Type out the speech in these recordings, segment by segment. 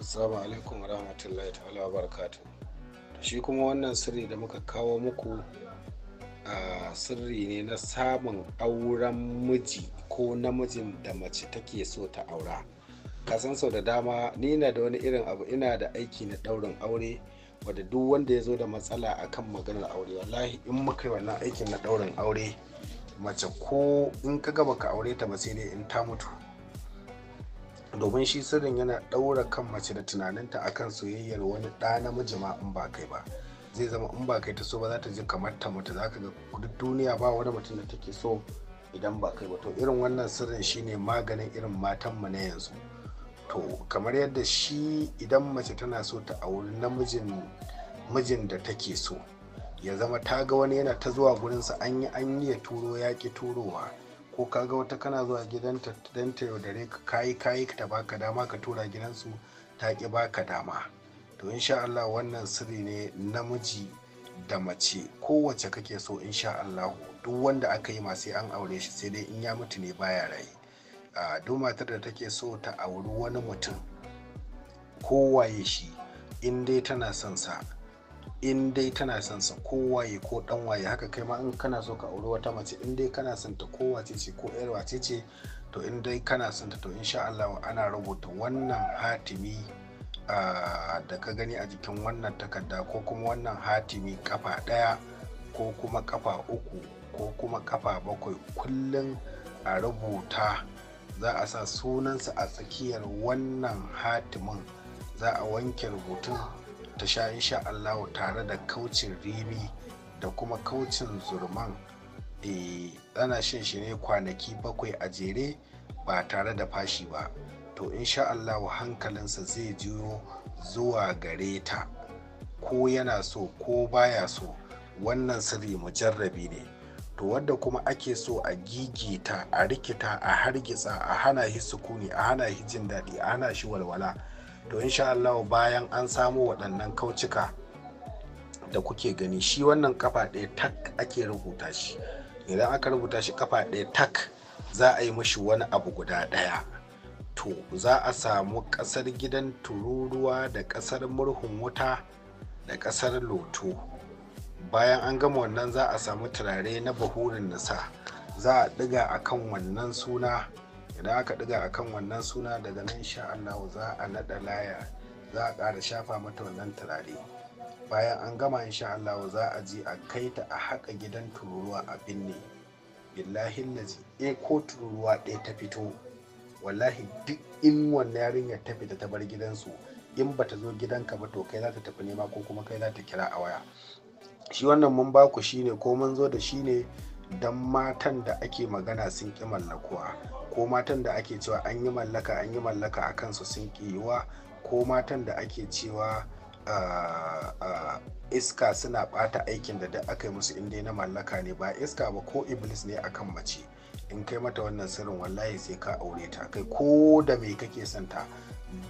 Assalamu alaikum wa rahmatullahi ta'ala wa barakatu Shi kuma wannan sirri da muka kawo muku a sirri ne na samun auren miji ko namijin da mace take so ta aura. Kasan sau da dama ni na da wani irin abu ina da aiki na daurin aure wadda duk wanda ya zo da matsala akan maganar aure wallahi in muka yi wannan aikin na daurin aure mace ko in ka gaba ka aure ta mace ne in ta mutu. domin shi sirrin yana ɗaura kan mace da tunaninta a kan soyayyar wani ɗa namiji ma in ba kai ba zai zama in ba kai ta so ba za ta ji kamar ta mutu za ka ga duk duniya ba wani mutum da take so idan ba kai ba to irin wannan sirrin shine maganin irin matanmu na yanzu to kamar yadda shi idan mace tana so ta auri namijin mijin da take so ya zama ta ga wani yana ta zuwa gurinsa an yi an yi ya turo ya turowa ko ka ga wata kana zuwa gidanta dan ta yaudare ka kayi kayi ta baka dama ka tura gidansu ta ki baka dama to insha Allah wannan sirri ne namiji da mace kowace kake so insha Allah duk wanda aka yi sai an aure shi sai dai in ya mutu ne baya a duk matar da take so ta auri wani mutum kowaye shi in dai tana son sa in dai tana son sa kowaye ko dan waye haka kai ma in kana so ka auri wata mace in dai kana son ta ko ce ko yar wace ce to in dai kana son ta to insha Allah ana rubuta wannan hatimi da ka gani a jikin wannan takarda ko kuma wannan hatimi kafa daya ko kuma kafa uku ko kuma kafa bakwai kullum a rubuta za a sa sunansa a tsakiyar wannan hatimin za a wanke rubutun ta sha insha Allah tare da kaucin rimi da kuma kaucin zurman e, ana shan shi ne kwanaki bakwai a jere ba tare da fashi ba to insha Allahu hankalinsa zai juyo zuwa gare ta ko yana so ko baya so wannan sirri mujarrabi ne to wadda kuma ake so a gigita a rikita a hargitsa a hana shi sukuni a hana shi jin daɗi a hana shi walwala to insha Allah bayan an samu waɗannan kaucika da kuke gani shi wannan kafa ɗaya tak ake rubuta shi idan aka rubuta shi kafa ɗaya tak za a yi mashi wani abu guda ɗaya to za a samu ƙasar gidan tururuwa da ƙasar murhun wuta da ƙasar loto bayan an gama wannan za a samu turare na bahurin nasa za a ɗiga akan wannan suna idan aka ɗiga kan wannan suna daga nan sha Allah za a naɗa laya za a ƙara shafa mata wannan turare bayan an gama insha Allah za a je a kai ta a haƙa gidan tururuwa a binne billahi lazi e ko tururuwa ɗaya ta fito wallahi duk in wannan yarinyar ta fita ta bar gidansu in bata zo gidanka ba to kai za ta tafi nema ko kuma kai za ta kira a waya shi wannan mun baku shine ko mun zo da shine ne don matan da ake magana sun ƙi mallakuwa ko matan da ake cewa an yi mallaka an yi mallaka a kansu sun ƙi ko matan da ake cewa iska suna ɓata aikin da duk aka yi musu inda na mallaka ne ba iska ba ko iblis ne akan mace in kai mata wannan sirrin wallahi sai ka aure ta kai ko da me kake son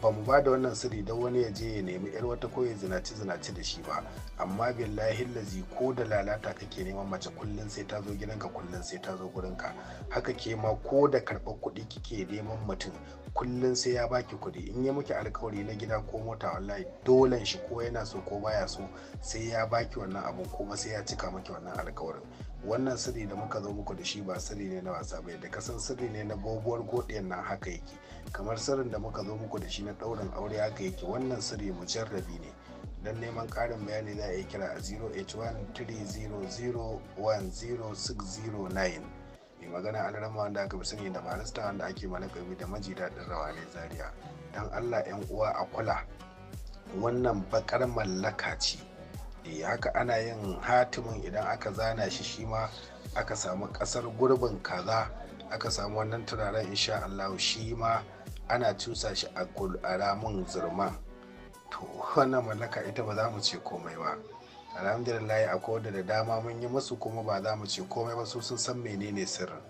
ba mu ba da wannan sirri don wani ya je ya nemi yar wata ko ya zinaci zinaci da shi ba amma billahi lazi ko da lalata kake neman mace kullun sai ta zo gidanka kullun sai ta zo gurinka haka ke ma ko da karɓar kuɗi kike neman mutum kullum sai ya baki kuɗi in ya muke alkawari na gida ko mota wallahi dolen shi ko yana so ko baya so sai ya baki wannan abun kuma sai ya cika maki wannan alkawarin wannan sirri da muka zo muku da shi ba sirri ne na wasa bai da kasan sirri ne na bobuwar godiyar nan haka yake kamar sirrin da muka zo muku da shi na ɗaurin aure haka yake wannan sirri mu jarrabi ne don neman ƙarin bayani za a yi kira a 0 mai magana alaran wanda aka fi sani da barista wanda ake malakabi da maji daɗin rawa ne zaria don allah 'yan uwa a kula wannan bakar mallaka ce Eh, haka ana yin hatimin idan aka zana shi shi ma aka samu kasar gurbin kaza aka samu wannan turaren insha Allah shi ma ana cusa shi a ramin zurma to wannan mallaka ita ba za mu ce komai ba alhamdulillah akwai da dama mun yi musu kuma ba za mu ce komai ba su sun san menene sirrin